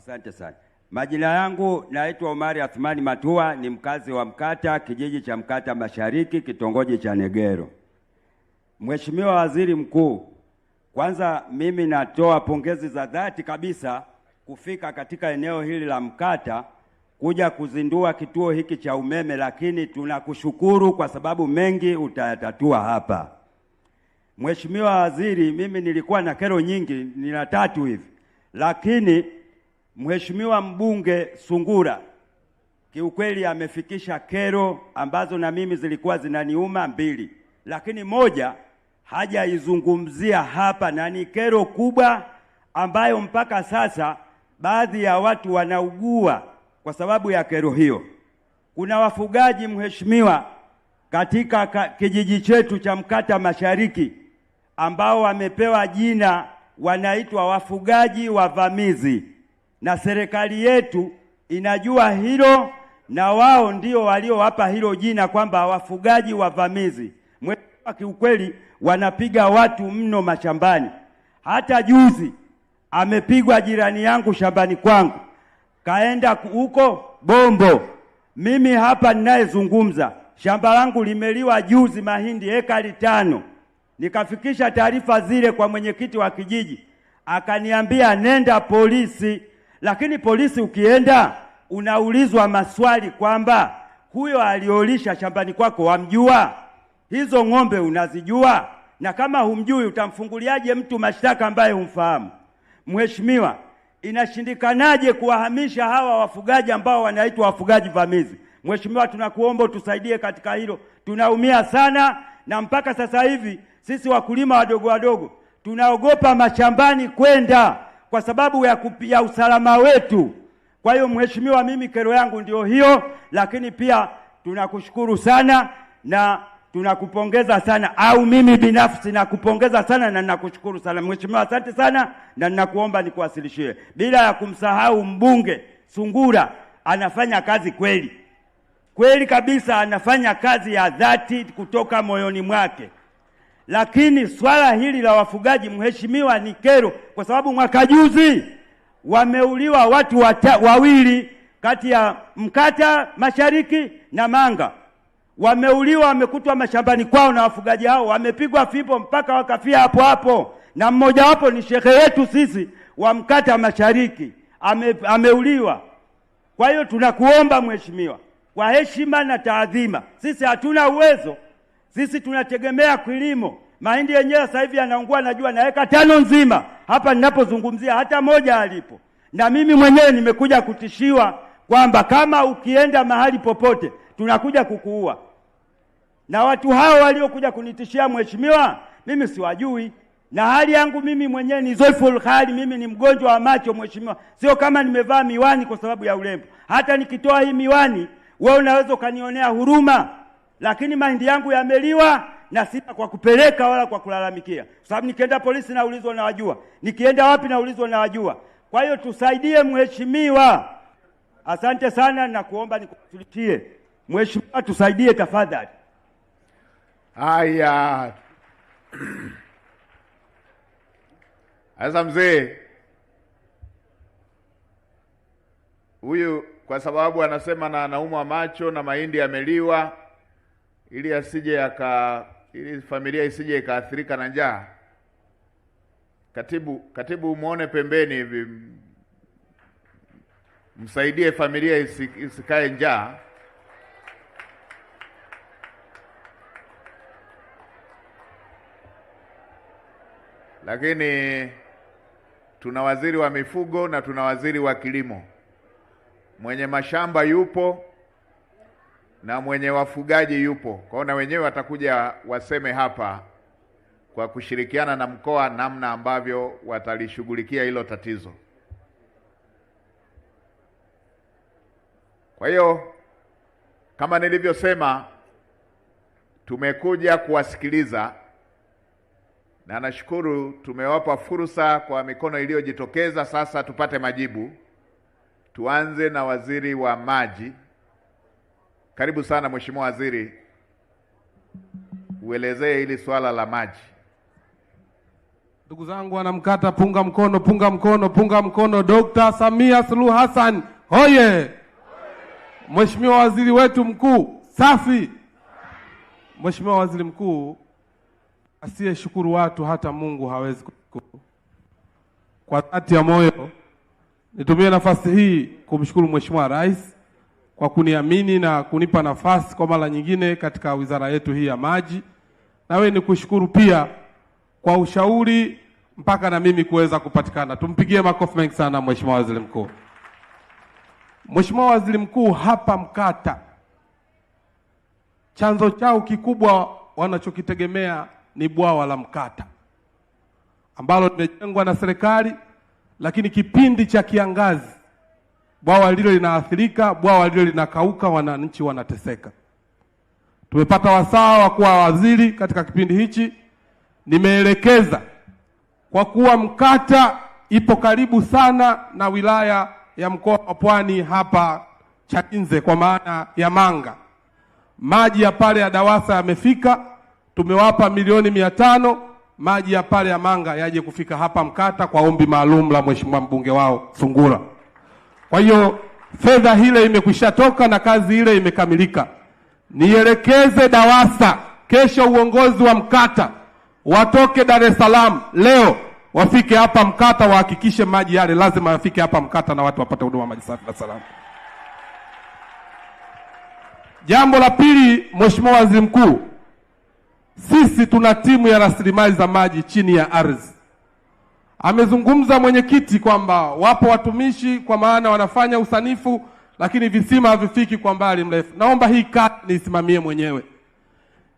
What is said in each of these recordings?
Asante sana. Majina yangu naitwa Omari Athmani Matua, ni mkazi wa Mkata, kijiji cha Mkata Mashariki, kitongoji cha Negero. Mheshimiwa Waziri Mkuu, kwanza mimi natoa pongezi za dhati kabisa kufika katika eneo hili la Mkata kuja kuzindua kituo hiki cha umeme, lakini tunakushukuru kwa sababu mengi utayatatua hapa. Mheshimiwa Waziri, mimi nilikuwa na kero nyingi, nina tatu hivi, lakini Mheshimiwa mbunge Sungura kiukweli amefikisha kero ambazo na mimi zilikuwa zinaniuma mbili, lakini moja hajaizungumzia hapa na ni kero kubwa ambayo mpaka sasa baadhi ya watu wanaugua kwa sababu ya kero hiyo. Kuna wafugaji mheshimiwa, katika kijiji chetu cha Mkata Mashariki ambao wamepewa jina wanaitwa wafugaji wavamizi na serikali yetu inajua hilo, na wao ndio waliowapa hilo jina kwamba wafugaji wavamizi. Mheshimiwa, kiukweli wanapiga watu mno mashambani. Hata juzi amepigwa jirani yangu shambani kwangu, kaenda huko Bombo. Mimi hapa ninayezungumza, shamba langu limeliwa juzi mahindi ekari tano. Nikafikisha taarifa zile kwa mwenyekiti wa kijiji, akaniambia nenda polisi. Lakini polisi ukienda, unaulizwa maswali kwamba huyo aliolisha shambani kwako wamjua? Hizo ng'ombe unazijua? Na kama humjui utamfunguliaje mtu mashtaka ambaye humfahamu? Mheshimiwa, inashindikanaje kuwahamisha hawa wafugaji ambao wanaitwa wafugaji vamizi? Mheshimiwa, tunakuomba utusaidie katika hilo, tunaumia sana, na mpaka sasa hivi sisi wakulima wadogo wadogo tunaogopa mashambani kwenda kwa sababu ya, ya usalama wetu. Kwa hiyo mheshimiwa, mimi kero yangu ndio hiyo, lakini pia tunakushukuru sana na tunakupongeza sana, au mimi binafsi nakupongeza sana na ninakushukuru sana mheshimiwa, asante sana, na ninakuomba nikuwasilishie, bila ya kumsahau mbunge Sungura. Anafanya kazi kweli kweli kabisa, anafanya kazi ya dhati kutoka moyoni mwake. Lakini swala hili la wafugaji, mheshimiwa, ni kero, kwa sababu mwaka juzi wameuliwa watu wata, wawili kati ya Mkata Mashariki na Manga wameuliwa, wamekutwa mashambani kwao na wafugaji hao, wamepigwa fimbo mpaka wakafia hapo hapo, na mmojawapo ni shehe yetu sisi wa Mkata Mashariki ame, ameuliwa. Kwa hiyo tunakuomba mheshimiwa, kwa heshima na taadhima, sisi hatuna uwezo sisi tunategemea kilimo. Mahindi yenyewe sasa hivi yanaungua, najua naweka tano nzima hapa ninapozungumzia, hata moja alipo. Na mimi mwenyewe nimekuja kutishiwa kwamba kama ukienda mahali popote tunakuja kukuua, na watu hao waliokuja kunitishia mheshimiwa, mimi siwajui na hali yangu mimi mwenyewe ni zoiful hali. Mimi ni mgonjwa wa macho mheshimiwa, sio kama nimevaa miwani kwa sababu ya urembo. Hata nikitoa hii miwani, wewe unaweza ukanionea huruma lakini mahindi yangu yameliwa na sina kwa kupeleka wala kwa kulalamikia, kwa sababu nikienda polisi naulizwa na wajua, nikienda wapi naulizwa na wajua. Kwa hiyo tusaidie mheshimiwa, asante sana na kuomba mheshimiwa, tusaidie tafadhali. Haya, sasa mzee huyu, kwa sababu anasema na anaumwa macho na mahindi yameliwa ili asije aka ili familia isije ikaathirika na njaa. Katibu, katibu muone pembeni hivi, msaidie familia isikae njaa. Lakini tuna waziri wa mifugo na tuna waziri wa kilimo, mwenye mashamba yupo na mwenye wafugaji yupo kwao, na wenyewe watakuja waseme hapa kwa kushirikiana na mkoa, namna ambavyo watalishughulikia hilo tatizo. Kwa hiyo kama nilivyosema, tumekuja kuwasikiliza na nashukuru tumewapa fursa kwa mikono iliyojitokeza. Sasa tupate majibu. Tuanze na waziri wa maji. Karibu sana Mheshimiwa Waziri, uelezee hili swala la maji. Ndugu zangu wanamkata, punga mkono, punga mkono, punga mkono. Dkt. Samia Suluhu Hassan hoye! Mheshimiwa Waziri wetu mkuu, safi. Mheshimiwa Waziri Mkuu, asiyeshukuru watu hata Mungu hawezi kushukuru. Kwa dhati ya moyo nitumie nafasi hii kumshukuru Mheshimiwa Rais kwa kuniamini na kunipa nafasi kwa mara nyingine katika wizara yetu hii ya maji. Nawe ni kushukuru pia kwa ushauri mpaka na mimi kuweza kupatikana. Tumpigie makofi mengi sana Mheshimiwa Waziri Mkuu. Mheshimiwa Waziri Mkuu, hapa Mkata chanzo chao kikubwa wanachokitegemea ni bwawa la Mkata ambalo limejengwa na serikali, lakini kipindi cha kiangazi bwawa lilo linaathirika, bwawa lilo linakauka, wananchi wanateseka. Tumepata wasaa wa kuwa waziri katika kipindi hichi, nimeelekeza kwa kuwa Mkata ipo karibu sana na wilaya ya mkoa wa Pwani hapa chainze kwa maana ya Manga, maji ya pale ya Dawasa yamefika, tumewapa milioni mia tano maji ya pale ya Manga yaje kufika hapa Mkata kwa ombi maalum la mheshimiwa mbunge wao Sungura. Kwa hiyo fedha ile imekwisha toka na kazi ile imekamilika. Nielekeze DAWASA kesho, uongozi wa mkata watoke Dar es Salaam leo, wafike hapa Mkata wahakikishe maji yale lazima yafike hapa Mkata na watu wapate huduma maji safi na salama. Jambo la pili, Mheshimiwa Waziri Mkuu, sisi tuna timu ya rasilimali za maji chini ya ardhi Amezungumza mwenyekiti kwamba wapo watumishi kwa maana wanafanya usanifu, lakini visima havifiki kwa mbali mrefu. Naomba hii kazi niisimamie mwenyewe,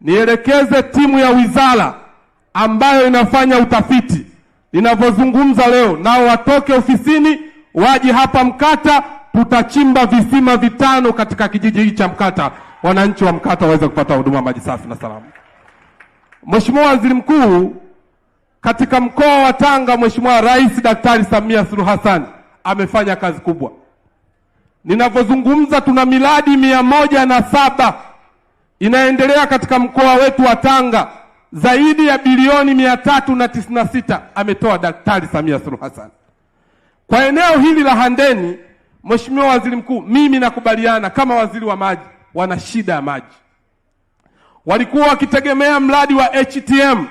nielekeze timu ya wizara ambayo inafanya utafiti. Ninavyozungumza leo, nao watoke ofisini waje hapa Mkata, tutachimba visima vitano katika kijiji hiki cha Mkata, wananchi wa Mkata waweze kupata huduma maji safi na salama. Mheshimiwa Waziri Mkuu, katika mkoa wa Tanga, Mheshimiwa Rais Daktari Samia Suluhu Hassan amefanya kazi kubwa. Ninavyozungumza, tuna miradi mia moja na saba inaendelea katika mkoa wetu wa Tanga, zaidi ya bilioni mia tatu na tisini na sita ametoa Daktari Samia Suluhu Hassan kwa eneo hili la Handeni. Mheshimiwa Waziri Mkuu, mimi nakubaliana kama waziri wa maji, wana shida ya maji, walikuwa wakitegemea mradi wa HTM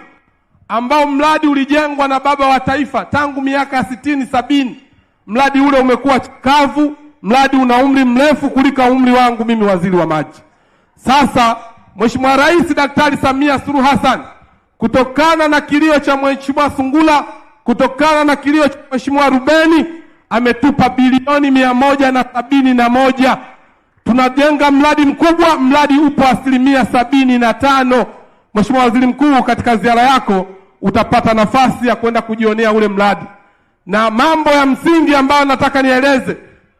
ambao mradi ulijengwa na baba wa taifa tangu miaka sitini sabini. Mradi ule umekuwa kavu, mradi una umri mrefu kuliko umri wangu mimi waziri wa maji. Sasa Mheshimiwa Rais Daktari Samia Suluhu Hassan, kutokana na kilio cha Mheshimiwa Sungula, kutokana na kilio cha Mheshimiwa Rubeni, ametupa bilioni mia moja na sabini na moja. Tunajenga mradi mkubwa, mradi upo asilimia sabini na tano. Mheshimiwa Waziri Mkuu, katika ziara yako utapata nafasi ya kwenda kujionea ule mradi na mambo ya msingi ambayo nataka nieleze.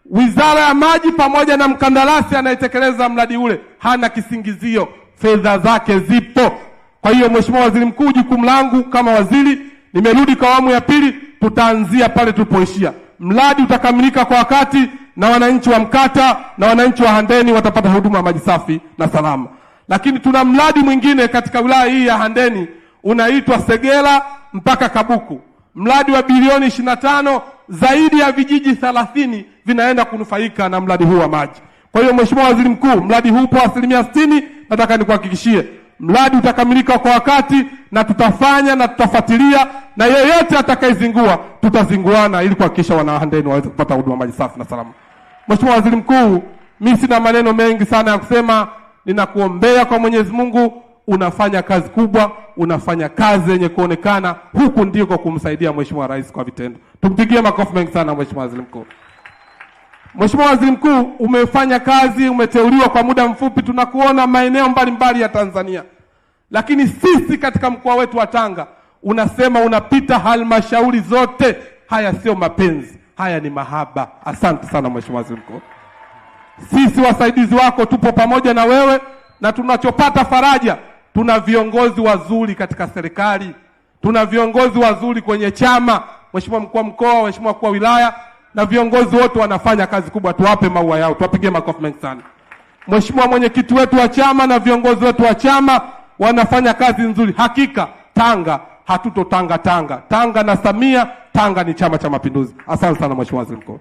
Wizara ya Maji pamoja na mkandarasi anayetekeleza mradi ule hana kisingizio, fedha zake zipo. Kwa hiyo, Mheshimiwa Waziri Mkuu, jukumu langu kama waziri, nimerudi kwa awamu ya pili, tutaanzia pale tulipoishia. Mradi utakamilika kwa wakati na wananchi wa Mkata na wananchi wa Handeni watapata huduma ya maji safi na salama. Lakini tuna mradi mwingine katika wilaya hii ya Handeni unaitwa Segera mpaka Kabuku, mradi wa bilioni ishirini na tano. Zaidi ya vijiji thelathini vinaenda kunufaika na mradi huu wa maji. Kwa hiyo Mheshimiwa Waziri Mkuu, mradi huu upo asilimia sitini. Nataka nikuhakikishie mradi utakamilika kwa wakati, na tutafanya na tutafuatilia, na yeyote atakayezingua tutazinguana, ili kuhakikisha wanahandeni waweze kupata huduma maji safi na salama. Mheshimiwa Waziri Mkuu, mi sina maneno mengi sana ya kusema, ninakuombea kwa Mwenyezi Mungu unafanya kazi kubwa, unafanya kazi yenye kuonekana. Huku ndiko kumsaidia Mheshimiwa Rais kwa vitendo. Tumpigie makofi mengi sana Mheshimiwa Waziri Mkuu. Mheshimiwa Waziri Mkuu, umefanya kazi, umeteuliwa kwa muda mfupi, tunakuona maeneo mbalimbali ya Tanzania, lakini sisi katika mkoa wetu wa Tanga unasema unapita halmashauri zote. Haya sio mapenzi, haya ni mahaba. Asante sana Mheshimiwa Waziri Mkuu, sisi wasaidizi wako tupo pamoja na wewe na tunachopata faraja Tuna viongozi wazuri katika serikali, tuna viongozi wazuri kwenye chama, mheshimiwa mkuu wa mkoa, mheshimiwa mkuu wa wilaya, na viongozi wote wanafanya kazi kubwa. Tuwape maua yao, tuwapigie makofi mengi sana. Mheshimiwa mwenyekiti wetu wa chama na viongozi wetu wa chama wanafanya kazi nzuri. Hakika Tanga hatuto tanga Tanga na Samia, Tanga ni Chama cha Mapinduzi. Asante sana mheshimiwa waziri mkuu.